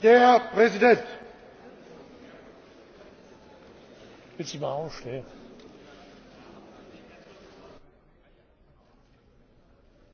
Herr präsident! ich will sie mal aufstellen.